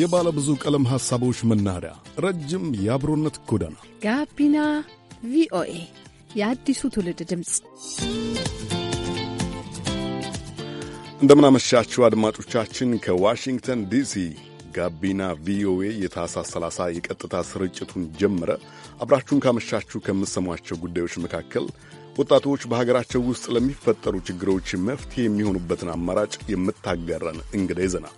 የባለ ብዙ ቀለም ሐሳቦች መናኸሪያ፣ ረጅም የአብሮነት ጎዳና ጋቢና ቪኦኤ የአዲሱ ትውልድ ድምፅ። እንደምናመሻችሁ አድማጮቻችን ከዋሽንግተን ዲሲ ጋቢና ቪኦኤ የታህሳስ 30 የቀጥታ ስርጭቱን ጀምረ። አብራችሁን ካመሻችሁ ከምትሰሟቸው ጉዳዮች መካከል ወጣቶች በሀገራቸው ውስጥ ለሚፈጠሩ ችግሮች መፍትሄ የሚሆኑበትን አማራጭ የምታጋራን እንግዳ ይዘናል።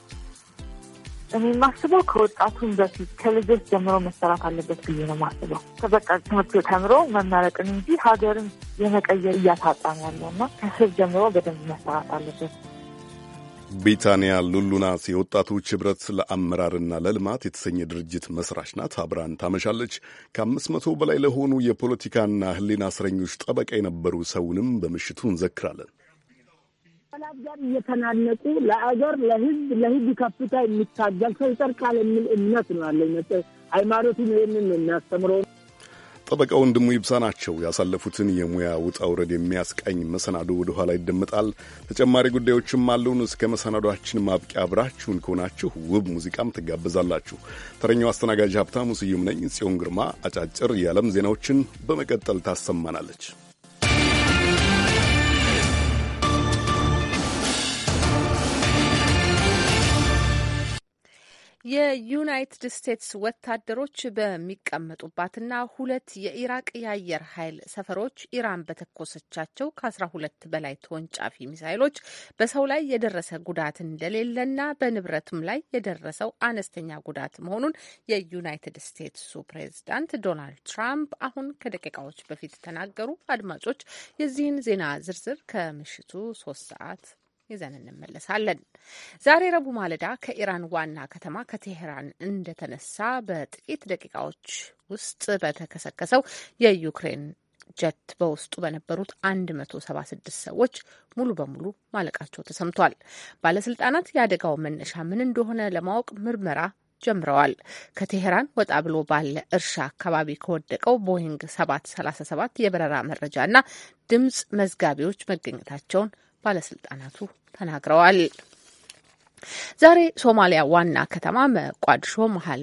እኔ የማስበው ከወጣቱን በፊት ከልጆች ጀምሮ መሰራት አለበት ብዬ ነው የማስበው። ከበቃ ትምህርት ተምሮ መመረቅን እንጂ ሀገርን የመቀየር እያታጣን ያለው ያለውና ከስር ጀምሮ በደንብ መሰራት አለበት። ቢታንያ ሉሉና የወጣቶች ኅብረት ለአመራርና ለልማት የተሰኘ ድርጅት መስራች ናት። አብራን ታመሻለች። ከአምስት መቶ በላይ ለሆኑ የፖለቲካና ህሊና እስረኞች ጠበቃ የነበሩ ሰውንም በምሽቱ እንዘክራለን። ጋር እየተናነቁ ለአገር፣ ለህዝብ ለሕግ ከፍታ የሚታገል ሰው ይጠርቃል የሚል እምነት ነው ያለኝ። ሃይማኖቱን ይህንን የሚያስተምረው። ጠበቃ ወንድሙ ይብሳ ናቸው። ያሳለፉትን የሙያ ውጣ ውረድ የሚያስቃኝ መሰናዶ ወደ ኋላ ይደመጣል። ተጨማሪ ጉዳዮችም አሉን። እስከ መሰናዶችን ማብቂያ አብራችሁን ከሆናችሁ ውብ ሙዚቃም ትጋበዛላችሁ። ተረኛው አስተናጋጅ ሀብታሙ ስዩም ነኝ። ጽዮን ግርማ አጫጭር የዓለም ዜናዎችን በመቀጠል ታሰማናለች። የዩናይትድ ስቴትስ ወታደሮች በሚቀመጡባትና ሁለት የኢራቅ የአየር ኃይል ሰፈሮች ኢራን በተኮሰቻቸው ከአስራ ሁለት በላይ ተወንጫፊ ሚሳይሎች በሰው ላይ የደረሰ ጉዳት እንደሌለና በንብረትም ላይ የደረሰው አነስተኛ ጉዳት መሆኑን የዩናይትድ ስቴትሱ ፕሬዚዳንት ዶናልድ ትራምፕ አሁን ከደቂቃዎች በፊት ተናገሩ። አድማጮች፣ የዚህን ዜና ዝርዝር ከምሽቱ ሶስት ሰዓት ይዘን እንመለሳለን። ዛሬ ረቡዕ ማለዳ ከኢራን ዋና ከተማ ከቴሄራን እንደተነሳ በጥቂት ደቂቃዎች ውስጥ በተከሰከሰው የዩክሬን ጀት በውስጡ በነበሩት 176 ሰዎች ሙሉ በሙሉ ማለቃቸው ተሰምቷል። ባለስልጣናት የአደጋው መነሻ ምን እንደሆነ ለማወቅ ምርመራ ጀምረዋል። ከቴሄራን ወጣ ብሎ ባለ እርሻ አካባቢ ከወደቀው ቦይንግ 737 የበረራ መረጃና ድምፅ መዝጋቢዎች መገኘታቸውን ባለስልጣናቱ ተናግረዋል። ዛሬ ሶማሊያ ዋና ከተማ መቋድሾ መሀል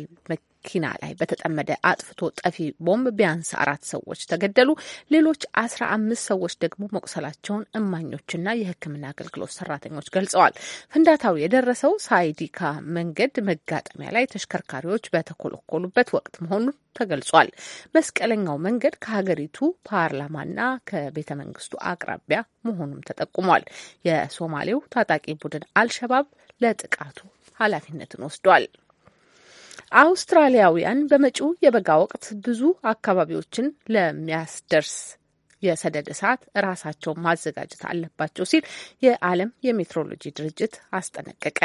መኪና ላይ በተጠመደ አጥፍቶ ጠፊ ቦምብ ቢያንስ አራት ሰዎች ተገደሉ፣ ሌሎች አስራ አምስት ሰዎች ደግሞ መቁሰላቸውን እማኞችና የሕክምና አገልግሎት ሰራተኞች ገልጸዋል። ፍንዳታው የደረሰው ሳይዲካ መንገድ መጋጠሚያ ላይ ተሽከርካሪዎች በተኮለኮሉበት ወቅት መሆኑን ተገልጿል። መስቀለኛው መንገድ ከሀገሪቱ ፓርላማና ከቤተ መንግስቱ አቅራቢያ መሆኑም ተጠቁሟል። የሶማሌው ታጣቂ ቡድን አልሸባብ ለጥቃቱ ኃላፊነትን ወስዷል። አውስትራሊያውያን በመጪው የበጋ ወቅት ብዙ አካባቢዎችን ለሚያስደርስ የሰደድ እሳት ራሳቸውን ማዘጋጀት አለባቸው ሲል የዓለም የሜትሮሎጂ ድርጅት አስጠነቀቀ።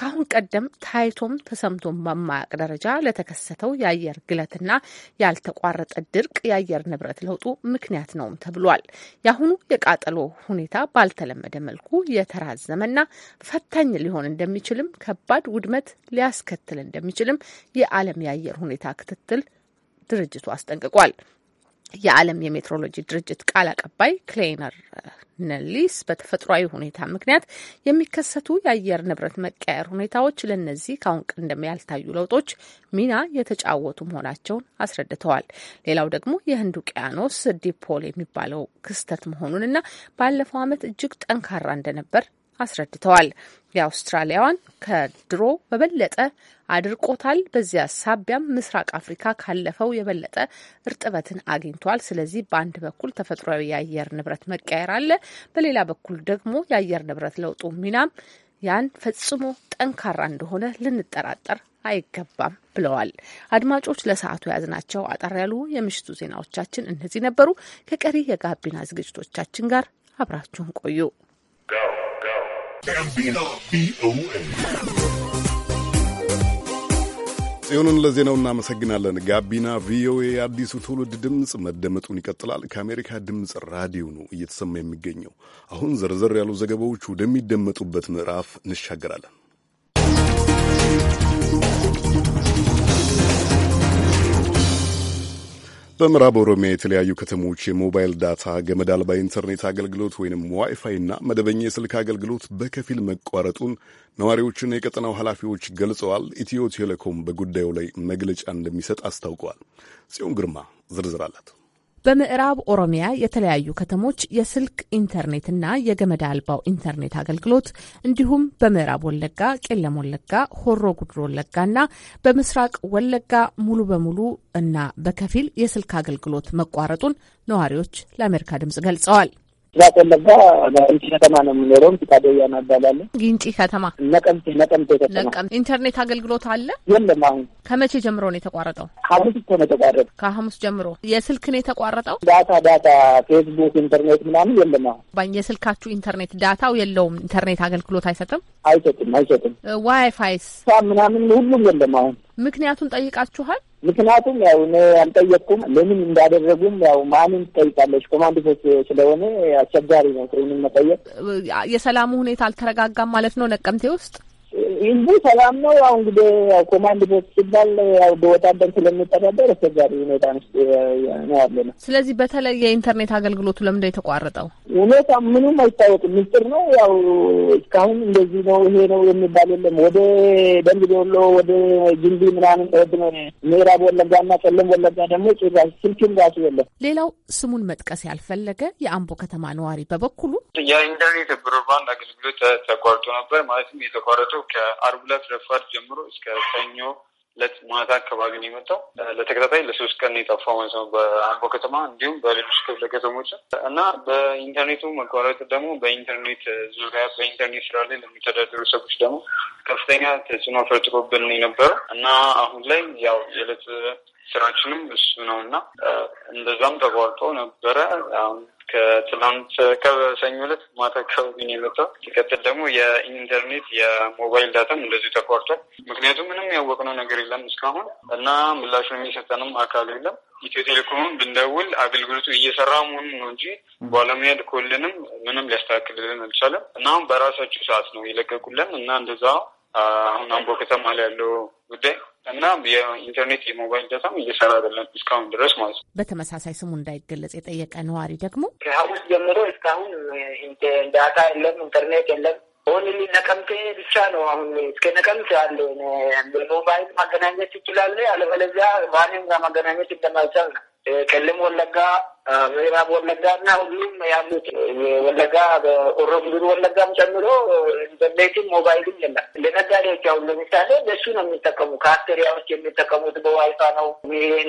ከአሁን ቀደም ታይቶም ተሰምቶም በማያውቅ ደረጃ ለተከሰተው የአየር ግለትና ያልተቋረጠ ድርቅ የአየር ንብረት ለውጡ ምክንያት ነውም ተብሏል። የአሁኑ የቃጠሎ ሁኔታ ባልተለመደ መልኩ የተራዘመና ፈታኝ ሊሆን እንደሚችልም ከባድ ውድመት ሊያስከትል እንደሚችልም የዓለም የአየር ሁኔታ ክትትል ድርጅቱ አስጠንቅቋል። የዓለም የሜትሮሎጂ ድርጅት ቃል አቀባይ ክሌነር ነሊስ በተፈጥሯዊ ሁኔታ ምክንያት የሚከሰቱ የአየር ንብረት መቀየር ሁኔታዎች ለነዚህ ከአሁን ቀደም ያልታዩ ለውጦች ሚና የተጫወቱ መሆናቸውን አስረድተዋል። ሌላው ደግሞ የህንድ ውቅያኖስ ዲፖል የሚባለው ክስተት መሆኑንና ባለፈው ዓመት እጅግ ጠንካራ እንደነበር አስረድተዋል። የአውስትራሊያዋን ከድሮ በበለጠ አድርቆታል። በዚያ ሳቢያም ምስራቅ አፍሪካ ካለፈው የበለጠ እርጥበትን አግኝቷል። ስለዚህ በአንድ በኩል ተፈጥሯዊ የአየር ንብረት መቀየር አለ፣ በሌላ በኩል ደግሞ የአየር ንብረት ለውጡ ሚናም ያን ፈጽሞ ጠንካራ እንደሆነ ልንጠራጠር አይገባም ብለዋል። አድማጮች ለሰዓቱ የያዝናቸው አጠር ያሉ የምሽቱ ዜናዎቻችን እነዚህ ነበሩ። ከቀሪ የጋቢና ዝግጅቶቻችን ጋር አብራችሁን ቆዩ። ጋቢና ጽዮንን ለዜናው እናመሰግናለን። ጋቢና ቪኦኤ የአዲሱ ትውልድ ድምፅ መደመጡን ይቀጥላል። ከአሜሪካ ድምፅ ራዲዮ ነው እየተሰማ የሚገኘው። አሁን ዘርዘር ያሉ ዘገባዎች ወደሚደመጡበት ምዕራፍ እንሻገራለን። በምዕራብ ኦሮሚያ የተለያዩ ከተሞች የሞባይል ዳታ፣ ገመድ አልባ ኢንተርኔት አገልግሎት ወይንም ዋይፋይና መደበኛ የስልክ አገልግሎት በከፊል መቋረጡን ነዋሪዎችና የቀጠናው ኃላፊዎች ገልጸዋል። ኢትዮ ቴሌኮም በጉዳዩ ላይ መግለጫ እንደሚሰጥ አስታውቀዋል። ጽዮን ግርማ ዝርዝር አላት። በምዕራብ ኦሮሚያ የተለያዩ ከተሞች የስልክ ኢንተርኔትና የገመድ አልባው ኢንተርኔት አገልግሎት እንዲሁም በምዕራብ ወለጋ ቄለም ወለጋ፣ ሆሮ ጉድሮ ወለጋና በምስራቅ ወለጋ ሙሉ በሙሉ እና በከፊል የስልክ አገልግሎት መቋረጡን ነዋሪዎች ለአሜሪካ ድምጽ ገልጸዋል። ስራ ቆለጋ ነቀምቴ ከተማ ነው የምኖረው። ፊታደያ እናባላለን። ግንጪ ከተማ ነቀምቴ ነቀምቴ ከተማ ኢንተርኔት አገልግሎት አለ የለም? አሁን ከመቼ ጀምሮ ነው የተቋረጠው? ከሐሙስ እኮ ነው የተቋረጠው። ከሐሙስ ጀምሮ የስልክ ነው የተቋረጠው። ዳታ ዳታ ፌስቡክ፣ ኢንተርኔት ምናምን የለም። አሁን የስልካችሁ ኢንተርኔት ዳታው የለውም። ኢንተርኔት አገልግሎት አይሰጥም አይሰጥም አይሰጥም። ዋይፋይስ ምናምን ሁሉም የለም አሁን። ምክንያቱን ጠይቃችኋል? ምክንያቱም ያው እኔ አልጠየቅኩም። ለምን እንዳደረጉም ያው ማንም ትጠይቃለች። ኮማንድ ፖስት ስለሆነ አስቸጋሪ ነው ሰውንም መጠየቅ። የሰላሙ ሁኔታ አልተረጋጋም ማለት ነው ነቀምቴ ውስጥ ህዝቡ ሰላም ነው። ያው እንግዲህ ኮማንድ ፖስት ሲባል ያው በወታደር ስለሚተዳደር አስቸጋሪ ሁኔታ ነው ያለ ነው። ስለዚህ በተለይ የኢንተርኔት አገልግሎቱ ለምንድ የተቋረጠው? ሁኔታ ምንም አይታወቅም፣ ምስጢር ነው። ያው እስካሁን እንደዚህ ነው ይሄ ነው የሚባል የለም። ወደ ደንብ ዶሎ፣ ወደ ጅንቢ ምናምን ወድ ምዕራብ ወለጋ ወለጋና ጨለም ወለጋ ደግሞ ጭራሽ ስልክም ራሱ የለም። ሌላው ስሙን መጥቀስ ያልፈለገ የአምቦ ከተማ ነዋሪ በበኩሉ የኢንተርኔት ብሮድባንድ አገልግሎት ተቋርጦ ነበር። ማለትም የተቋረጠው የመጣው ከአርብ ዕለት ረፋድ ጀምሮ እስከ ሰኞ ዕለት ማታ አካባቢ ነው የመጣው። ለተከታታይ ለሶስት ቀን የጠፋው ማለት ነው በአምቦ ከተማ እንዲሁም በሌሎች ክፍለ ከተሞች እና በኢንተርኔቱ መቋረጥ ደግሞ በኢንተርኔት ዙሪያ በኢንተርኔት ስራ ላይ ለሚተዳደሩ ሰዎች ደግሞ ከፍተኛ ተጽዕኖ ፈጥሮብን የነበረው እና አሁን ላይ ያው የዕለት ስራችንም እሱ ነው እና እንደዛም ተቋርጦ ነበረ። አሁን ከሰኞ ዕለት ማታ አካባቢ ነው የመጣው። ሲቀጥል ደግሞ የኢንተርኔት የሞባይል ዳታም እንደዚሁ ተቋርጧል። ምክንያቱም ምንም ያወቅነው ነገር የለም እስካሁን እና ምላሹን የሚሰጠንም አካሉ የለም። ኢትዮ ቴሌኮምም ብንደውል አገልግሎቱ እየሰራ መሆኑን ነው እንጂ ባለሙያ ልኮልንም ምንም ሊያስተካክልልን አልቻለም እና አሁን በራሳችሁ ሰዓት ነው የለቀቁለን እና እንደዛ አሁን አምቦ ከተማ ላይ ያለው ጉዳይ እና የኢንተርኔት የሞባይል ዳታም እየሰራ አይደለም እስካሁን ድረስ ማለት ነው። በተመሳሳይ ስሙ እንዳይገለጽ የጠየቀ ነዋሪ ደግሞ ከሐሙስ ጀምሮ እስካሁን ዳታ የለም፣ ኢንተርኔት የለም። ሆን ነቀምቴ ብቻ ነው። አሁን እስከ ነቀምቴ አለ ሞባይል ማገናኘት ይችላል። አለበለዚያ ማንም ጋር ማገናኘት እንደማይቻል ነው። ቄለም ወለጋ፣ ምዕራብ ወለጋ እና ሁሉም ያሉት ወለጋ ኦሮ ወለጋም ጨምሮ ኢንተርኔትም ሞባይልም የለም። ለነጋዴዎች አሁን ለምሳሌ ለእሱ ነው የሚጠቀሙ ከአክተሪያዎች የሚጠቀሙት በዋይፋ ነው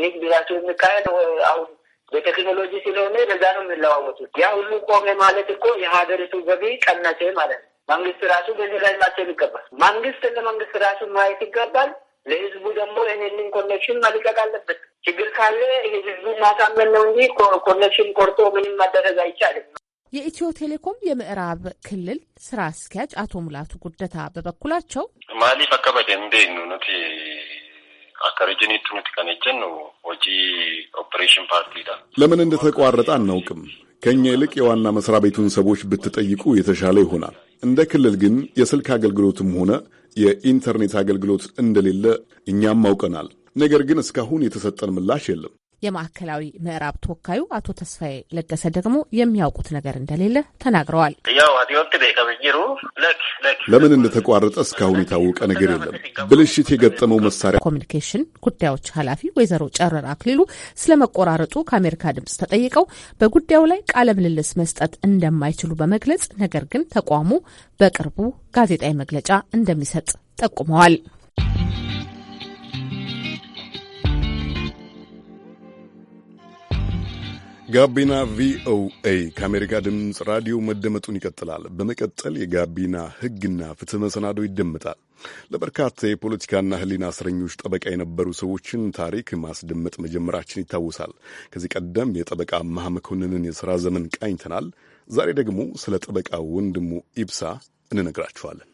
ንግድ ራሱ የሚካሄድ አሁን በቴክኖሎጂ ስለሆነ ለዛ ነው የሚለዋወጡት። ያ ሁሉ ቆሜ ማለት እኮ የሀገሪቱ ገቢ ቀነሴ ማለት ነው። መንግስት ራሱ በዚህ ላይ ማሰብ ይገባል። መንግስት ለመንግስት ራሱ ማየት ይገባል። ለህዝቡ ደግሞ ይህንን ኮኔክሽን መልቀቅ አለበት። ችግር ካለ ህዝቡ ማሳመን ነው እንጂ ኮኔክሽን ቆርጦ ምንም ማደረግ አይቻልም። የኢትዮ ቴሌኮም የምዕራብ ክልል ስራ አስኪያጅ አቶ ሙላቱ ጉደታ በበኩላቸው ማሊ አካባቢ እንዴ ኑቲ አካሬጅኔቱ ኑቲ ከነጀን ነው ወጪ ኦፕሬሽን ፓርቲ ለምን እንደተቋረጠ አናውቅም። ከእኛ ይልቅ የዋና መስሪያ ቤቱን ሰዎች ብትጠይቁ የተሻለ ይሆናል። እንደ ክልል ግን የስልክ አገልግሎትም ሆነ የኢንተርኔት አገልግሎት እንደሌለ እኛም አውቀናል። ነገር ግን እስካሁን የተሰጠን ምላሽ የለም። የማዕከላዊ ምዕራብ ተወካዩ አቶ ተስፋዬ ለገሰ ደግሞ የሚያውቁት ነገር እንደሌለ ተናግረዋል። ለምን እንደተቋረጠ እስካሁን የታወቀ ነገር የለም። ብልሽት የገጠመው መሳሪያ ኮሚኒኬሽን ጉዳዮች ኃላፊ ወይዘሮ ጨረር አክሊሉ ስለ መቆራረጡ ከአሜሪካ ድምጽ ተጠይቀው በጉዳዩ ላይ ቃለ ምልልስ መስጠት እንደማይችሉ በመግለጽ ነገር ግን ተቋሙ በቅርቡ ጋዜጣዊ መግለጫ እንደሚሰጥ ጠቁመዋል። ጋቢና ቪኦኤ ከአሜሪካ ድምፅ ራዲዮ መደመጡን ይቀጥላል። በመቀጠል የጋቢና ሕግና ፍትህ መሰናዶ ይደመጣል። ለበርካታ የፖለቲካና ሕሊና እስረኞች ጠበቃ የነበሩ ሰዎችን ታሪክ ማስደመጥ መጀመራችን ይታወሳል። ከዚህ ቀደም የጠበቃ መሐመኮንንን የሥራ ዘመን ቃኝተናል። ዛሬ ደግሞ ስለ ጠበቃ ወንድሙ ኢብሳ እንነግራችኋለን።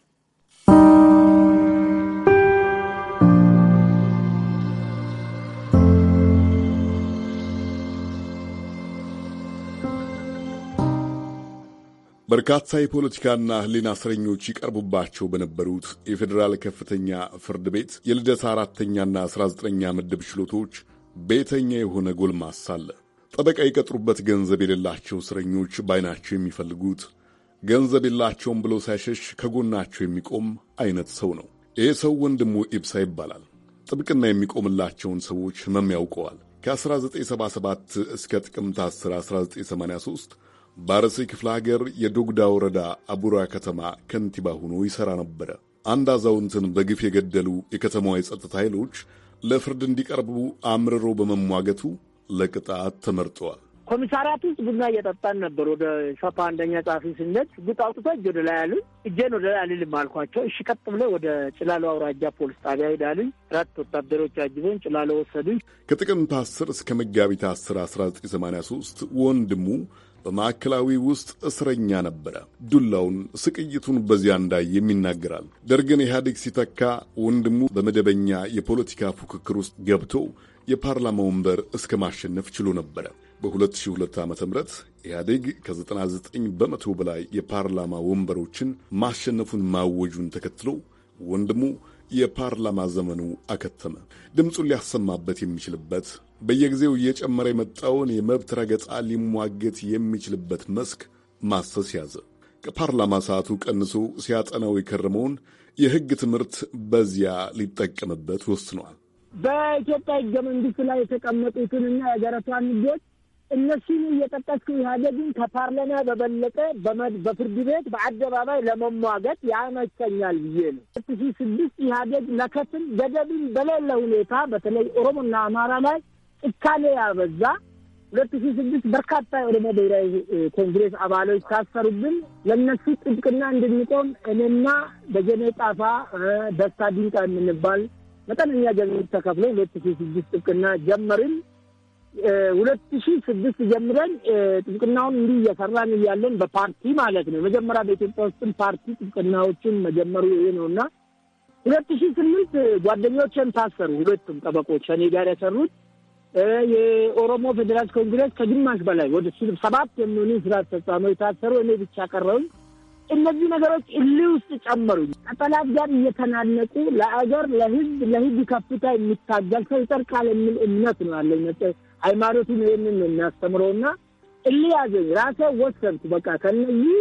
በርካታ የፖለቲካና ሕሊና እስረኞች ይቀርቡባቸው በነበሩት የፌዴራል ከፍተኛ ፍርድ ቤት የልደታ አራተኛና አስራ ዘጠነኛ ምድብ ችሎቶች ቤተኛ የሆነ ጎልማሳ አለ። ጠበቃ የቀጥሩበት ገንዘብ የሌላቸው እስረኞች በዓይናቸው የሚፈልጉት ገንዘብ የላቸውም ብሎ ሳይሸሽ ከጎናቸው የሚቆም አይነት ሰው ነው። ይህ ሰው ወንድሙ ኢብሳ ይባላል። ጥብቅና የሚቆምላቸውን ሰዎች ሕመም ያውቀዋል። ከ1977 እስከ ጥቅምት 10 1983 በአርሲ ክፍለ ሀገር የዶግዳ ወረዳ አቡራ ከተማ ከንቲባ ሆኖ ይሠራ ነበረ። አንድ አዛውንትን በግፍ የገደሉ የከተማዋ የጸጥታ ኃይሎች ለፍርድ እንዲቀርቡ አምርሮ በመሟገቱ ለቅጣት ተመርጠዋል። ኮሚሳሪያት ውስጥ ቡና እየጠጣን ነበር። ወደ ሾፓ አንደኛ ጸሐፊ ስነት ጉጥ አውጥቶ እጅ ወደ ላይ አሉኝ። እጄን ወደ ላይ አልልም አልኳቸው። እሺ ቀጥ ብለ ወደ ጭላሎ አውራጃ ፖሊስ ጣቢያ ሄዳልኝ። አራት ወታደሮች አጅበን ጭላሎ ወሰዱኝ። ከጥቅምት አስር እስከ መጋቢት 10 ሶስት ወንድሙ በማዕከላዊ ውስጥ እስረኛ ነበረ። ዱላውን፣ ስቅይቱን በዚያ እንዳይ የሚናገራል። ደርግን ኢህአዴግ ሲተካ ወንድሙ በመደበኛ የፖለቲካ ፉክክር ውስጥ ገብቶ የፓርላማ ወንበር እስከ ማሸነፍ ችሎ ነበረ። በ2002 ዓ ም ኢህአዴግ ከ99 በመቶ በላይ የፓርላማ ወንበሮችን ማሸነፉን ማወጁን ተከትሎ ወንድሙ የፓርላማ ዘመኑ አከተመ። ድምፁን ሊያሰማበት የሚችልበት በየጊዜው እየጨመረ የመጣውን የመብት ረገጣ ሊሟገት የሚችልበት መስክ ማሰስ ያዘ። ከፓርላማ ሰዓቱ ቀንሶ ሲያጠናው የከረመውን የሕግ ትምህርት በዚያ ሊጠቀምበት ወስኗል። በኢትዮጵያ ሕገ መንግስት ላይ የተቀመጡትንና የሀገሪቷን ሕጎች እነሱን እየጠቀስኩ ኢህአዴግን ከፓርላማ በበለጠ በፍርድ ቤት በአደባባይ ለመሟገት ያመቸኛል ብዬ ነው። ሁለት ሺ ስድስት ኢህአዴግ ለከፍል ገደብን በሌለ ሁኔታ በተለይ ኦሮሞና አማራ ላይ ጭካኔ ያበዛ ሁለት ሺ ስድስት በርካታ የኦሮሞ ብሔራዊ ኮንግሬስ አባሎች ታሰሩብን። ለእነሱ ጥብቅና እንድንቆም እኔና በጀኔ ጣፋ ደስታ ድንቃ የምንባል መጠነኛ ገንዘብ ተከፍሎ ሁለት ሺ ስድስት ጥብቅና ጀመርን። ሁለት ሺ ስድስት ጀምረን ጥብቅናውን እንዲህ እየሰራን እያለን በፓርቲ ማለት ነው። መጀመሪያ በኢትዮጵያ ውስጥም ፓርቲ ጥብቅናዎችን መጀመሩ ይሄ ነው እና ሁለት ሺ ስምንት ጓደኞችን ታሰሩ። ሁለቱም ጠበቆች እኔ ጋር የሰሩት የኦሮሞ ፌዴራል ኮንግረስ ከግማሽ በላይ ወደ ሰባት የሚሆኑ ስራ አስፈጻሚዎች የታሰሩ እኔ ብቻ ቀረውኝ። እነዚህ ነገሮች እልህ ውስጥ ጨመሩኝ። ከጠላት ጋር እየተናነቁ ለአገር ለህዝብ ለህዝብ ከፍታ የሚታገል ሰው ይጠርቃል የሚል እምነት ነው ያለኝ። ሃይማኖቱም ይህንን ነው የሚያስተምረውና እልያዘኝ ራሴ ወሰንኩ። በቃ ከነዚህ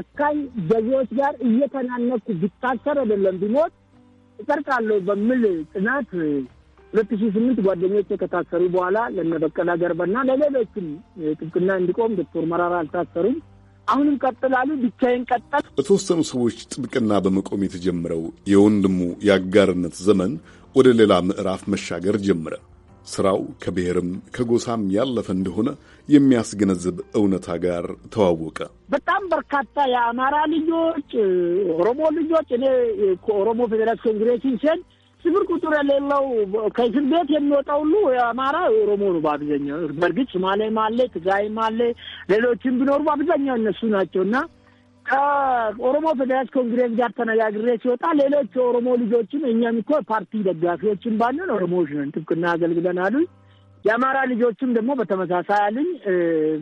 ጨካኝ ገዢዎች ጋር እየተናነኩ ቢታሰር አይደለም ቢሞት እጠርቃለሁ በሚል ጥናት ሁለት ሺ ስምንት ጓደኞች ከታሰሩ በኋላ ለነ በቀለ ገርባና ለሌሎችም ጥብቅና እንዲቆም ዶክተር መራራ አልታሰሩም። አሁንም ቀጥላሉ። ብቻዬን ቀጠል። በተወሰኑ ሰዎች ጥብቅና በመቆም የተጀመረው የወንድሙ የአጋርነት ዘመን ወደ ሌላ ምዕራፍ መሻገር ጀምረ ስራው ከብሔርም ከጎሳም ያለፈ እንደሆነ የሚያስገነዝብ እውነታ ጋር ተዋወቀ። በጣም በርካታ የአማራ ልጆች፣ ኦሮሞ ልጆች እኔ ከኦሮሞ ፌዴራል ኮንግሬሽን ሲሄድ ስብር ቁጥር የሌለው ከእስር ቤት የሚወጣ ሁሉ የአማራ የኦሮሞ ነው በአብዛኛው። በእርግጥ ሶማሌም አለ፣ ትግራይም አለ፣ ሌሎችም ቢኖሩ በአብዛኛው እነሱ ናቸው እና ከኦሮሞ ፌዴራል ኮንግሬስ ጋር ተነጋግሬ ሲወጣ ሌሎች የኦሮሞ ልጆችም እኛም እኮ ፓርቲ ደጋፊዎችን ባለን ኦሮሞዎች ነን ጥብቅና አገልግለን አሉኝ። የአማራ ልጆችም ደግሞ በተመሳሳይ አሉኝ።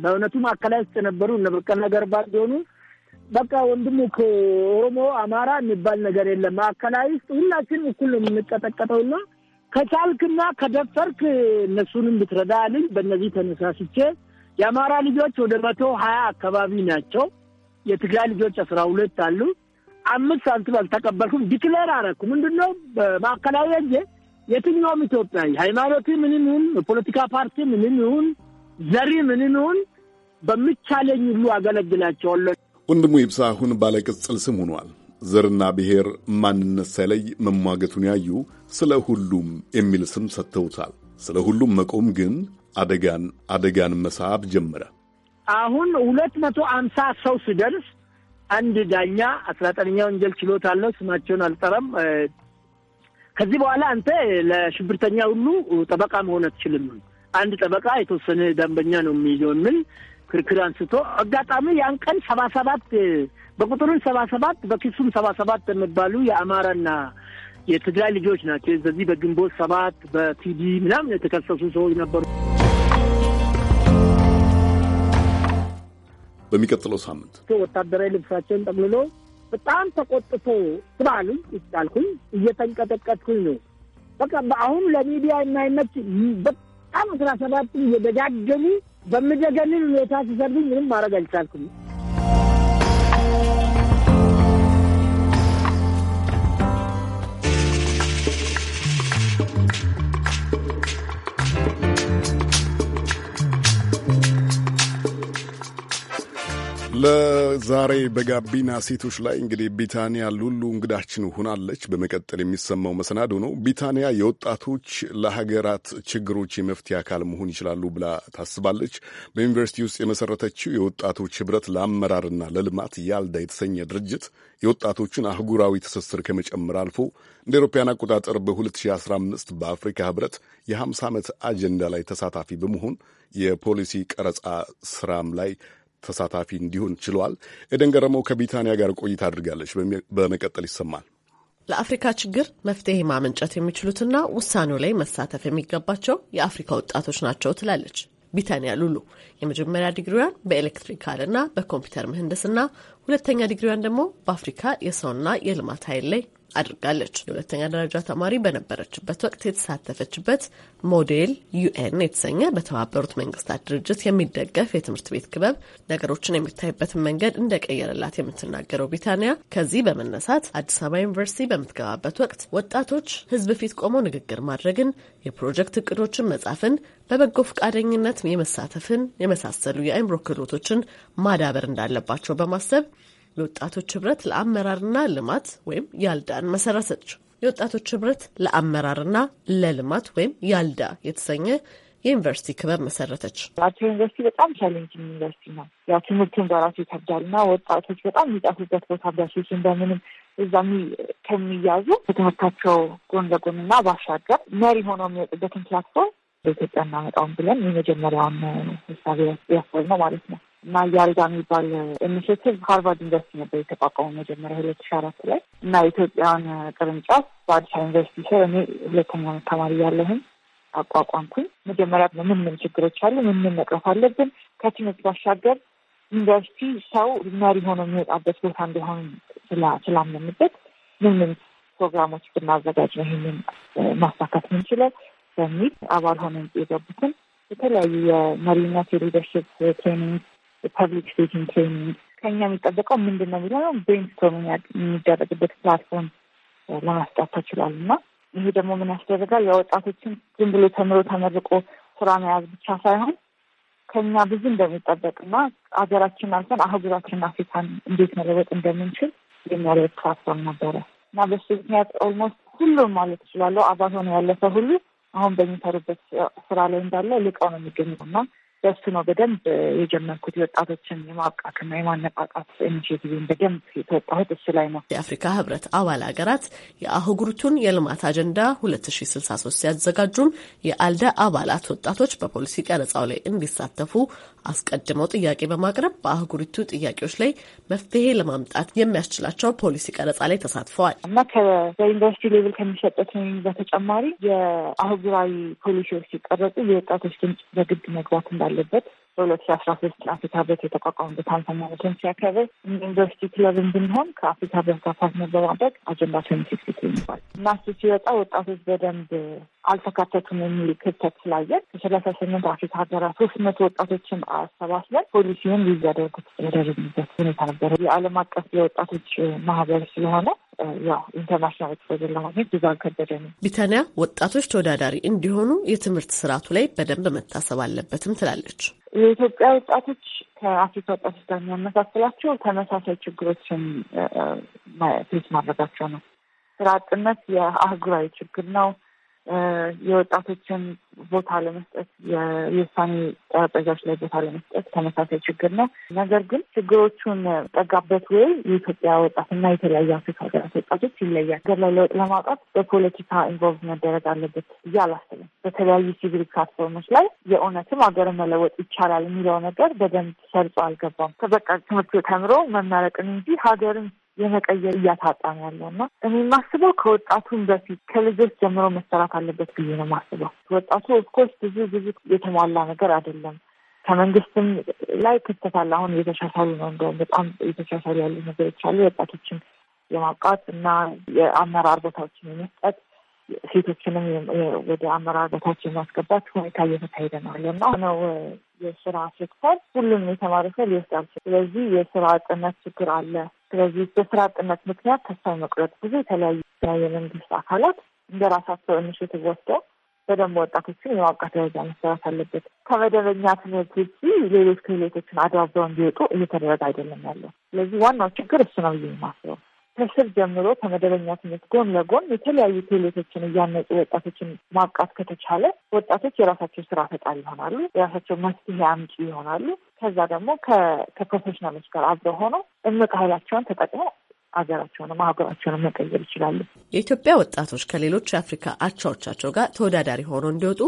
በእውነቱ ማዕከላዊ ውስጥ የነበሩ እነ በቀለ ገርባ እንዲሆኑ በቃ ወንድሙ ከኦሮሞ አማራ የሚባል ነገር የለም። ማዕከላዊ ውስጥ ሁላችንም እኩል ነው የምንቀጠቀጠውና ከቻልክና ከደፈርክ እነሱንም ብትረዳ አልኝ። በእነዚህ ተነሳስቼ የአማራ ልጆች ወደ መቶ ሀያ አካባቢ ናቸው። የትግራይ ልጆች አስራ ሁለት አሉ። አምስት ሳንቲም አልተቀበልኩም። ዲክለር አረኩ። ምንድነው በማዕከላዊ እጄ የትኛውም ኢትዮጵያዊ ሃይማኖት ምንም ይሁን የፖለቲካ ፓርቲ ምንም ይሁን ዘሪ ምንም ይሁን በሚቻለኝ ሁሉ አገለግላቸዋለሁ። ወንድሙ ይብሳ አሁን ባለቅጽል ስም ሆኗል። ዘርና ብሔር ማንነት ሳይለይ መሟገቱን ያዩ ስለ ሁሉም የሚል ስም ሰጥተውታል። ስለ ሁሉም መቆም ግን አደጋን አደጋን መሳብ ጀመረ። አሁን ሁለት መቶ አምሳ ሰው ሲደርስ አንድ ዳኛ አስራ ዘጠነኛ ወንጀል ችሎት አለው። ስማቸውን አልጠረም። ከዚህ በኋላ አንተ ለሽብርተኛ ሁሉ ጠበቃ መሆን አትችልም፣ አንድ ጠበቃ የተወሰነ ደንበኛ ነው የሚይዘው የሚል ክርክር አንስቶ አጋጣሚ ያን ቀን ሰባ ሰባት በቁጥሩን ሰባ ሰባት በክሱም ሰባ ሰባት የሚባሉ የአማራና የትግራይ ልጆች ናቸው። በዚህ በግንቦት ሰባት በቲዲ ምናምን የተከሰሱ ሰዎች ነበሩ። በሚቀጥለው ሳምንት ወታደራዊ ልብሳቸውን ጠቅልሎ በጣም ተቆጥቶ ስባሉኝ ይቻልኩኝ እየተንቀጠቀጥኩኝ ነው። በቃ አሁን ለሚዲያ የማይመች በጣም አስራ ሰባት እየደጋገሙ በምደገንን ሁኔታ ሲሰርጉኝ ምንም ማድረግ አልቻልኩም። ለዛሬ በጋቢና ሴቶች ላይ እንግዲህ ቢታንያ ሉሉ እንግዳችን ሆናለች። በመቀጠል የሚሰማው መሰናዶ ነው። ቢታንያ የወጣቶች ለሀገራት ችግሮች የመፍትሄ አካል መሆን ይችላሉ ብላ ታስባለች። በዩኒቨርሲቲ ውስጥ የመሰረተችው የወጣቶች ህብረት ለአመራርና ለልማት ያልዳ የተሰኘ ድርጅት የወጣቶችን አህጉራዊ ትስስር ከመጨመር አልፎ እንደ አውሮፓውያን አቆጣጠር በ2015 በአፍሪካ ህብረት የ50 ዓመት አጀንዳ ላይ ተሳታፊ በመሆን የፖሊሲ ቀረጻ ስራም ላይ ተሳታፊ እንዲሆን ችሏል። ኤደን ገረመው ከቢታንያ ጋር ቆይታ አድርጋለች። በመቀጠል ይሰማል። ለአፍሪካ ችግር መፍትሄ ማመንጨት የሚችሉትና ውሳኔው ላይ መሳተፍ የሚገባቸው የአፍሪካ ወጣቶች ናቸው ትላለች ቢታንያ ሉሉ። የመጀመሪያ ዲግሪዋን በኤሌክትሪካል እና በኮምፒውተር ምህንድስና፣ ሁለተኛ ዲግሪዋን ደግሞ በአፍሪካ የሰውና የልማት ኃይል ላይ አድርጋለች። የሁለተኛ ደረጃ ተማሪ በነበረችበት ወቅት የተሳተፈችበት ሞዴል ዩኤን የተሰኘ በተባበሩት መንግስታት ድርጅት የሚደገፍ የትምህርት ቤት ክበብ ነገሮችን የሚታይበትን መንገድ እንደቀየረላት የምትናገረው ቢታንያ ከዚህ በመነሳት አዲስ አበባ ዩኒቨርሲቲ በምትገባበት ወቅት ወጣቶች ህዝብ ፊት ቆመው ንግግር ማድረግን፣ የፕሮጀክት እቅዶችን መጻፍን፣ በበጎ ፈቃደኝነት የመሳተፍን የመሳሰሉ የአእምሮ ክህሎቶችን ማዳበር እንዳለባቸው በማሰብ የወጣቶች ህብረት ለአመራርና ልማት ወይም ያልዳን መሰረተች። የወጣቶች ህብረት ለአመራርና ለልማት ወይም ያልዳ የተሰኘ የዩኒቨርሲቲ ክበብ መሰረተች። አቶ ዩኒቨርሲቲ በጣም ቻሌንጅ ዩኒቨርሲቲ ነው። ያው ትምህርቱን በራሱ ይከብዳል እና ወጣቶች በጣም የሚጠፉበት ቦታ በሱስን እንደምንም እዛ ከሚያዙ ከትምህርታቸው ጎን ለጎንና ባሻገር መሪ ሆነው የሚወጡበትን ፕላትፎርም በኢትዮጵያ እናመጣውን ብለን የመጀመሪያውን ያሰብ ነው ማለት ነው። እና ያሬዳ የሚባል ኢኒሽቲቭ ሀርቫርድ ዩኒቨርሲቲ ነበር የተቋቋመው መጀመሪያ ሁለት ሺህ አራት ላይ እና የኢትዮጵያን ቅርንጫፍ በአዲስ አበባ ዩኒቨርሲቲ ስር እኔ ሁለተኛ ዓመት ተማሪ ያለሁኝ አቋቋምኩኝ። መጀመሪያ ምን ምን ችግሮች አሉ፣ ምን ምን መቅረፍ አለብን፣ ከትምህርት ባሻገር ዩኒቨርሲቲ ሰው መሪ ሆኖ የሚወጣበት ቦታ እንዲሆን ስላመንበት ምን ምን ፕሮግራሞች ብናዘጋጅ ነው ይህንን ማሳካት ምንችለው በሚል አባል ሆነ የገቡትን የተለያዩ የመሪነት የሊደርሽፕ ትሬኒንግ ፐብሊክ ስፒኪንግ ትሬኒንግ ከኛ የሚጠበቀው ምንድን ነው የሚለው ብሬንስቶርም የሚደረግበት ፕላትፎርም ለማስጣት ተችሏል። እና ይሄ ደግሞ ምን ያስደረጋል? የወጣቶችን ዝም ብሎ ተምሮ ተመርቆ ስራ መያዝ ብቻ ሳይሆን ከኛ ብዙ እንደሚጠበቅ እና ሀገራችን አልፈን አህጉራችን አፍሪካን እንዴት መለወጥ እንደምንችል የሚያደርግ ፕላትፎርም ነበረ እና በሱ ምክንያት ኦልሞስት ሁሉም ማለት እችላለሁ አባት ሆነ ያለፈ ሁሉ አሁን በሚሰሩበት ስራ ላይ እንዳለ ልቀው ነው የሚገኙ እና በሱ ነው በደንብ የጀመርኩት የወጣቶችን የማብቃትና የማነቃቃት ኢኒሽቲቭን በደንብ የተወጣሁት እሱ ላይ ነው። የአፍሪካ ህብረት አባል ሀገራት የአህጉሪቱን የልማት አጀንዳ ሁለት ሺ ስልሳ ሶስት ሲያዘጋጁም የአልደ አባላት ወጣቶች በፖሊሲ ቀረጻው ላይ እንዲሳተፉ አስቀድመው ጥያቄ በማቅረብ በአህጉሪቱ ጥያቄዎች ላይ መፍትሄ ለማምጣት የሚያስችላቸው ፖሊሲ ቀረጻ ላይ ተሳትፈዋል እና ከዩኒቨርሲቲ ሌቭል ከሚሰጠት በተጨማሪ የአህጉራዊ ፖሊሲዎች ሲቀረጹ የወጣቶች ድምጽ በግድ መግባት እንዳለበት በሁለት ሺ አስራ ሶስት አፍሪካ ህብረት የተቋቋመበት ሀምሳኛ ዓመቱን ሲያከብር ዩኒቨርሲቲ ክለብን ብንሆን ከአፍሪካ ህብረት ጋር ፓርትነር በማድረግ አጀንዳ ትንቲ ይባል እና እሱ ሲወጣ ወጣቶች በደንብ አልተካተቱም የሚል ክፍተት ስላየን ከሰላሳ ስምንት አፍሪካ ሀገራት ሶስት መቶ ወጣቶችን አሰባስበን ፖሊሲውን ሊዘደርጉት ያደርጉት ሁኔታ ነበረ። የዓለም አቀፍ የወጣቶች ማህበር ስለሆነ ያው ኢንተርናሽናል ኤክስፖዘር ለማግኘት ብዙ አልከበደ ነው። ቢታንያ ወጣቶች ተወዳዳሪ እንዲሆኑ የትምህርት ስርዓቱ ላይ በደንብ መታሰብ አለበትም ትላለች። የኢትዮጵያ ወጣቶች ከአፍሪካ ወጣቶች ጋር የሚያመሳስላቸው ተመሳሳይ ችግሮችን ፌስ ማድረጋቸው ነው። ስራ አጥነት የአህጉራዊ ችግር ነው። የወጣቶችን ቦታ ለመስጠት የውሳኔ ጠረጴዛዎች ላይ ቦታ ለመስጠት ተመሳሳይ ችግር ነው። ነገር ግን ችግሮቹን ጠጋበት ወይ የኢትዮጵያ ወጣትና የተለያዩ አፍሪካ ሀገራት ወጣቶች ይለያል። ሀገር ላይ ለውጥ ለማውጣት በፖለቲካ ኢንቮልቭ መደረግ አለበት ብዬ አላስብም። በተለያዩ ሲቪል ፕላትፎርሞች ላይ የእውነትም ሀገር መለወጥ ይቻላል የሚለው ነገር በደንብ ሰርጾ አልገባም። በቃ ትምህርት ተምሮ መመረቅን እንጂ ሀገርን የመቀየር እያታጣ ነው ያለው እና እኔ የማስበው ከወጣቱን በፊት ከልጆች ጀምሮ መሰራት አለበት ብዬ ነው የማስበው። ወጣቱ ኦፍኮርስ ብዙ ብዙ የተሟላ ነገር አይደለም። ከመንግስትም ላይ ክፍተት አለ። አሁን እየተሻሻሉ ነው፣ እንደውም በጣም እየተሻሻሉ ያሉ ነገሮች አሉ። ወጣቶችን የማብቃት እና የአመራር ቦታዎችን የመስጠት ሴቶችንም ወደ አመራርነታቸው የማስገባት ሁኔታ እየተካሄደ ነው ያለና ነው የስራ ሴክተር ሁሉም የተማረ ሰው ሊወስድ ስለዚህ የስራ አጥነት ችግር አለ። ስለዚህ በስራ አጥነት ምክንያት ተስፋ መቁረጥ ብዙ የተለያዩ የመንግስት አካላት እንደ ራሳቸው ኢኒሼቲቭ ወስደው በደንብ ወጣቶችን የማብቃት ደረጃ መሰራት አለበት። ከመደበኛ ትምህርት ውጭ ሌሎች ክህሎቶችን አዳብረው እንዲወጡ እየተደረገ አይደለም ያለው። ስለዚህ ዋናው ችግር እሱ ነው ብዬ የማስበው። ከስር ጀምሮ ከመደበኛ ትምህርት ጎን ለጎን የተለያዩ ክህሎቶችን እያነጹ ወጣቶችን ማብቃት ከተቻለ ወጣቶች የራሳቸው ስራ ፈጣሪ ይሆናሉ፣ የራሳቸው መፍትሄ አምጪ ይሆናሉ። ከዛ ደግሞ ከፕሮፌሽናሎች ጋር አብረው ሆነው እምቅ ኃይላቸውን ተጠቅመው አገራቸውንም ሀገራቸውንም መቀየር ይችላሉ። የኢትዮጵያ ወጣቶች ከሌሎች የአፍሪካ አቻዎቻቸው ጋር ተወዳዳሪ ሆነው እንዲወጡ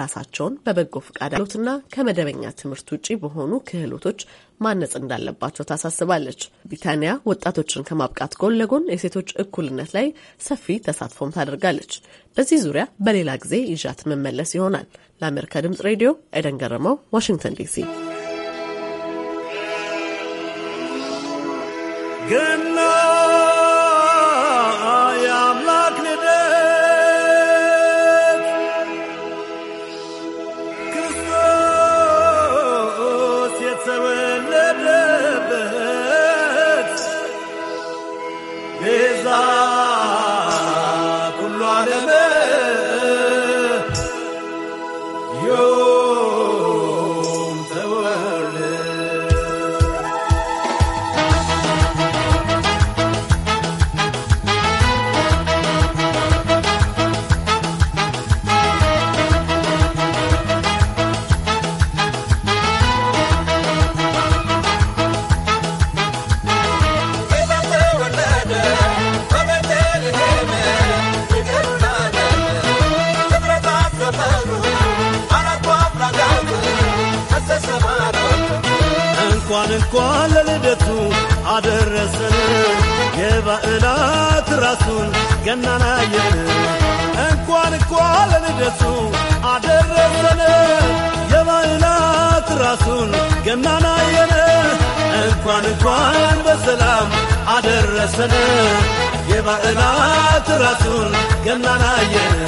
ራሳቸውን በበጎ ፈቃድ ሎትና ከመደበኛ ትምህርት ውጪ በሆኑ ክህሎቶች ማነጽ እንዳለባቸው ታሳስባለች። ብሪታንያ ወጣቶችን ከማብቃት ጎን ለጎን የሴቶች እኩልነት ላይ ሰፊ ተሳትፎም ታደርጋለች። በዚህ ዙሪያ በሌላ ጊዜ ይዣት መመለስ ይሆናል። ለአሜሪካ ድምጽ ሬዲዮ ኤደን ገረመው፣ ዋሽንግተን ዲሲ good night. ደረሰን የባዕላት ራሱን ገናናየን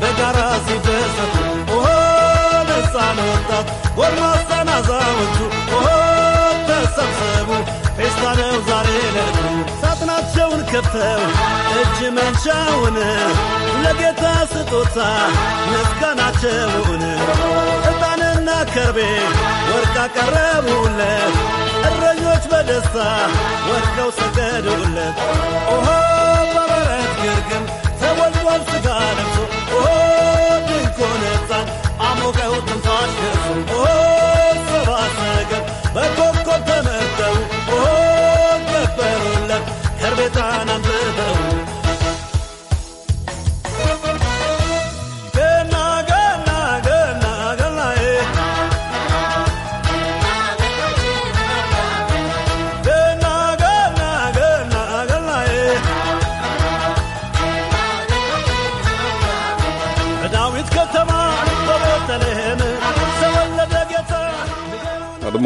በጋራ ሲደሰቱ ኦ ነፃ ወጣት ጎልማሳና አዛውንቱ በሩን ከፍተው እጅ መንሻውን ለጌታ ስጦታ ምስጋናቸውን እጣንና ከርቤ ወርቅ አቀረቡለት። እረኞች በደስታ ወድቀው ሰገዱለት። ኦሆ በበረት ግርግም ተወልዷል ስጋ ለብሶ ኦሆ ድንቅ አሞቀው ትንፋሽ ደርሶ ኦሆ ሰባ Meta, done.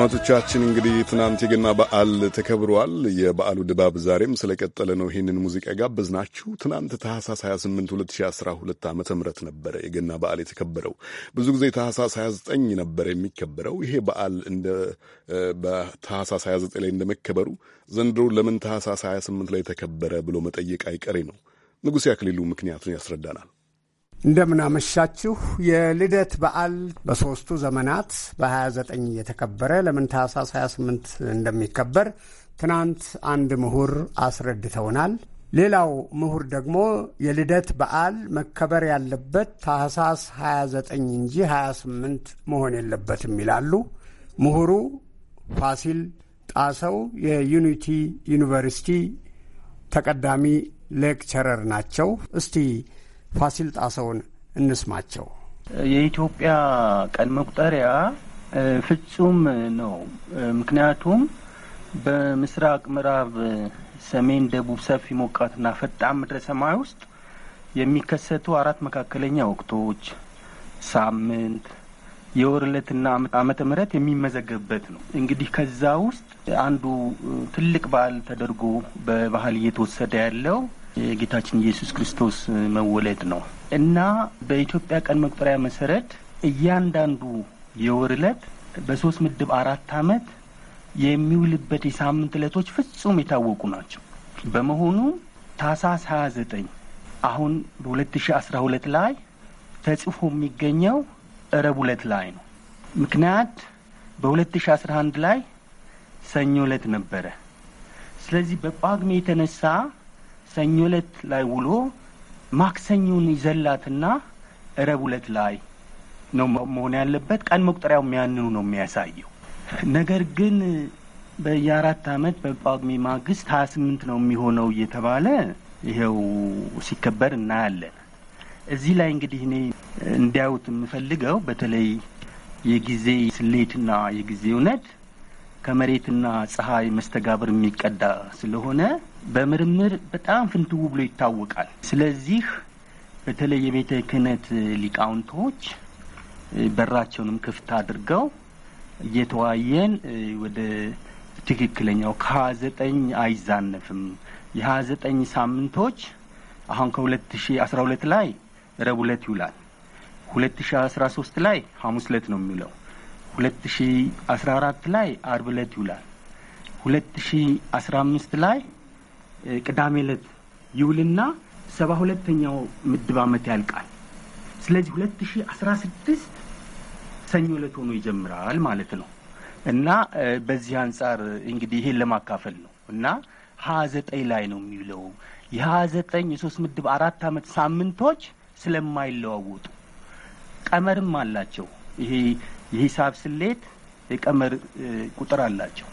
አድማጮቻችን እንግዲህ ትናንት የገና በዓል ተከብሯል። የበዓሉ ድባብ ዛሬም ስለቀጠለ ነው ይህንን ሙዚቃ ጋበዝናችሁ። ትናንት ታህሳስ 28 2012 ዓ ም ነበረ የገና በዓል የተከበረው። ብዙ ጊዜ ታህሳስ 29 ነበረ የሚከበረው። ይሄ በዓል እንደ በታህሳስ 29 ላይ እንደመከበሩ ዘንድሮ ለምን ታህሳስ 28 ላይ ተከበረ ብሎ መጠየቅ አይቀሬ ነው። ንጉሴ አክሊሉ ምክንያቱን ያስረዳናል። እንደምናመሻችሁ የልደት በዓል በሶስቱ ዘመናት በ29 እየተከበረ ለምን ታህሳስ 28 እንደሚከበር ትናንት አንድ ምሁር አስረድተውናል። ሌላው ምሁር ደግሞ የልደት በዓል መከበር ያለበት ታህሳስ 29 እንጂ 28 መሆን የለበትም ይላሉ። ምሁሩ ፋሲል ጣሰው የዩኒቲ ዩኒቨርሲቲ ተቀዳሚ ሌክቸረር ናቸው። እስቲ ፋሲል ጣሰውን እንስማቸው። የኢትዮጵያ ቀን መቁጠሪያ ፍጹም ነው። ምክንያቱም በምስራቅ፣ ምዕራብ፣ ሰሜን፣ ደቡብ ሰፊ ሞቃትና ፈጣን ምድረ ሰማይ ውስጥ የሚከሰቱ አራት መካከለኛ ወቅቶች፣ ሳምንት፣ የወር ዕለትና ዓመተ ምሕረት የሚመዘገብበት ነው። እንግዲህ ከዛ ውስጥ አንዱ ትልቅ በዓል ተደርጎ በባህል እየተወሰደ ያለው የጌታችን ኢየሱስ ክርስቶስ መወለድ ነው እና በኢትዮጵያ ቀን መቁጠሪያ መሰረት እያንዳንዱ የወር ዕለት በሶስት ምድብ አራት አመት የሚውልበት የሳምንት ዕለቶች ፍጹም የታወቁ ናቸው። በመሆኑ ታህሳስ 29 አሁን በ2012 ላይ ተጽፎ የሚገኘው ረቡዕ ዕለት ላይ ነው። ምክንያት በ2011 ላይ ሰኞ ዕለት ነበረ። ስለዚህ በጳጉሜ የተነሳ ሰኞ ዕለት ላይ ውሎ ማክሰኞን ይዘላትና እረብ ዕለት ላይ ነው መሆን ያለበት። ቀን መቁጠሪያው የሚያንኑ ነው የሚያሳየው። ነገር ግን በየአራት አመት በጳጉሜ ማግስት ሀያ ስምንት ነው የሚሆነው እየተባለ ይኸው ሲከበር እናያለን። እዚህ ላይ እንግዲህ እኔ እንዲያዩት የምፈልገው በተለይ የጊዜ ስሌትና የጊዜ እውነት ከመሬትና ፀሐይ መስተጋብር የሚቀዳ ስለሆነ በምርምር በጣም ፍንትው ብሎ ይታወቃል። ስለዚህ በተለይ የቤተ ክህነት ሊቃውንቶች በራቸውንም ክፍት አድርገው እየተዋየን ወደ ትክክለኛው ከሀያ ዘጠኝ አይዛነፍም የሀያ ዘጠኝ ሳምንቶች አሁን ከሁለት ሺ አስራ ሁለት ላይ ረቡዕ ዕለት ይውላል። ሁለት ሺ አስራ ሶስት ላይ ሐሙስ ዕለት ነው የሚውለው። ሁለት ሺ አስራ አራት ላይ አርብ ዕለት ይውላል። ሁለት ሺ አስራ አምስት ላይ ቅዳሜ ዕለት ይውልና ሰባ ሁለተኛው ምድብ ዓመት ያልቃል። ስለዚህ ሁለት ሺ አስራ ስድስት ሰኞ ዕለት ሆኖ ይጀምራል ማለት ነው እና በዚህ አንጻር እንግዲህ ይሄን ለማካፈል ነው እና ሀያ ዘጠኝ ላይ ነው የሚውለው የሀያ ዘጠኝ የሶስት ምድብ አራት ዓመት ሳምንቶች ስለማይለዋወጡ ቀመርም አላቸው። ይሄ የሂሳብ ስሌት የቀመር ቁጥር አላቸው።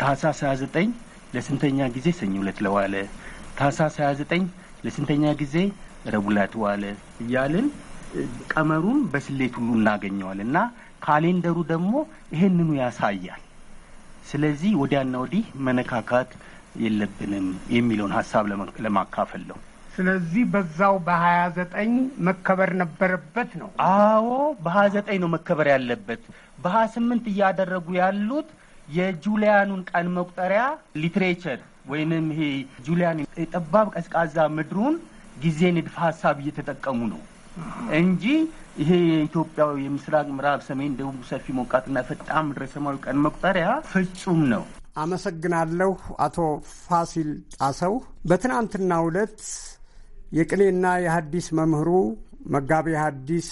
ታህሳስ ሀያ ዘጠኝ ለስንተኛ ጊዜ ሰኞ ዕለት ለዋለ ታህሳስ 29 ለስንተኛ ጊዜ ረቡዕ ዕለት ዋለ እያልን ቀመሩን በስሌት ሁሉ እናገኘዋል እና ካሌንደሩ ደግሞ ይሄንኑ ያሳያል። ስለዚህ ወዲያና ወዲህ መነካካት የለብንም የሚለውን ሀሳብ ለማካፈል ነው። ስለዚህ በዛው በሀያ ዘጠኝ መከበር ነበረበት ነው። አዎ በሀያ ዘጠኝ ነው መከበር ያለበት። በሀያ ስምንት እያደረጉ ያሉት የጁሊያኑን ቀን መቁጠሪያ ሊትሬቸር ወይንም ይሄ ጁሊያን የጠባብ ቀዝቃዛ ምድሩን ጊዜ ንድፈ ሀሳብ እየተጠቀሙ ነው እንጂ ይሄ የኢትዮጵያ የምስራቅ ምዕራብ፣ ሰሜን፣ ደቡብ ሰፊ ሞቃትና ፈጣን ምድረ ቀን መቁጠሪያ ፍጹም ነው። አመሰግናለሁ አቶ ፋሲል ጣሰው። በትናንትናው ዕለት የቅኔና የሐዲስ መምህሩ መጋቤ ሐዲስ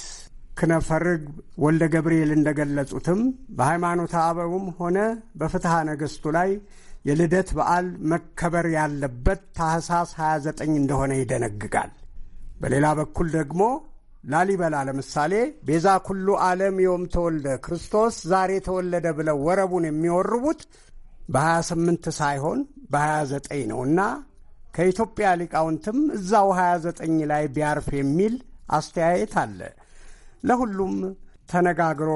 ክነፈርግ ወልደ ገብርኤል እንደገለጹትም በሃይማኖተ አበውም ሆነ በፍትሐ ነገሥቱ ላይ የልደት በዓል መከበር ያለበት ታህሳስ 29 እንደሆነ ይደነግጋል። በሌላ በኩል ደግሞ ላሊበላ ለምሳሌ ቤዛ ኩሉ ዓለም ዮም ተወልደ ክርስቶስ ዛሬ ተወለደ ብለው ወረቡን የሚወርቡት በ28 ሳይሆን በ29 ነውና ከኢትዮጵያ ሊቃውንትም እዛው 29 ላይ ቢያርፍ የሚል አስተያየት አለ። ለሁሉም ተነጋግሮ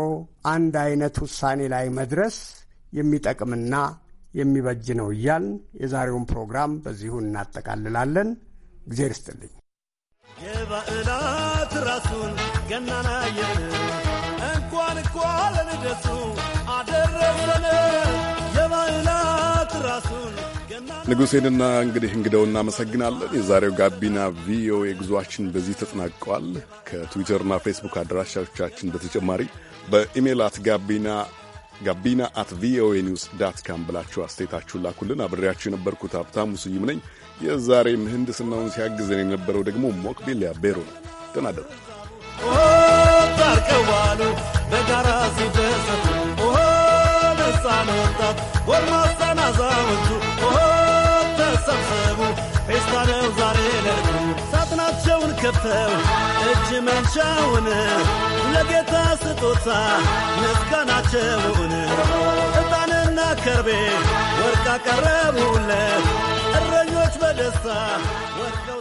አንድ አይነት ውሳኔ ላይ መድረስ የሚጠቅምና የሚበጅ ነው እያልን የዛሬውን ፕሮግራም በዚሁ እናጠቃልላለን። እግዜር ይስጥልኝ። የባዕላት ራሱን ገናና የን እንኳን እኳ ለልደቱ አደረሰን የባዕላት ራሱን ንጉሴንና እንግዲህ እንግደው እናመሰግናለን። የዛሬው ጋቢና ቪኦኤ ጉዞአችን በዚህ ተጠናቀዋል። ከትዊተርና ፌስቡክ አድራሻዎቻችን በተጨማሪ በኢሜይል አት ጋቢና ጋቢና አት ቪኦኤ ኒውስ ዳት ካም ብላችሁ አስተያየታችሁን ላኩልን። አብሬያችሁ የነበርኩት ሀብታሙ ስዩም ነኝ። የዛሬ ምህንድስናውን ሲያግዘን የነበረው ደግሞ ሞክቢል ያቤሮ ነው። ተናደሩ በጋራ ሲደሰቱ ሆ ወጣት ጎልማሳና ዛወቱ ተሰብሰቡ ፌስታ ዛሬ ለርቱ ሳጥናቸውን ከፍተው እጅ መንሻውን ለጌታ ስጦታ ምስጋናቸውን እጣንና ከርቤ ወርቅ አቀረቡለት እረኞች በደስታ ወርቀው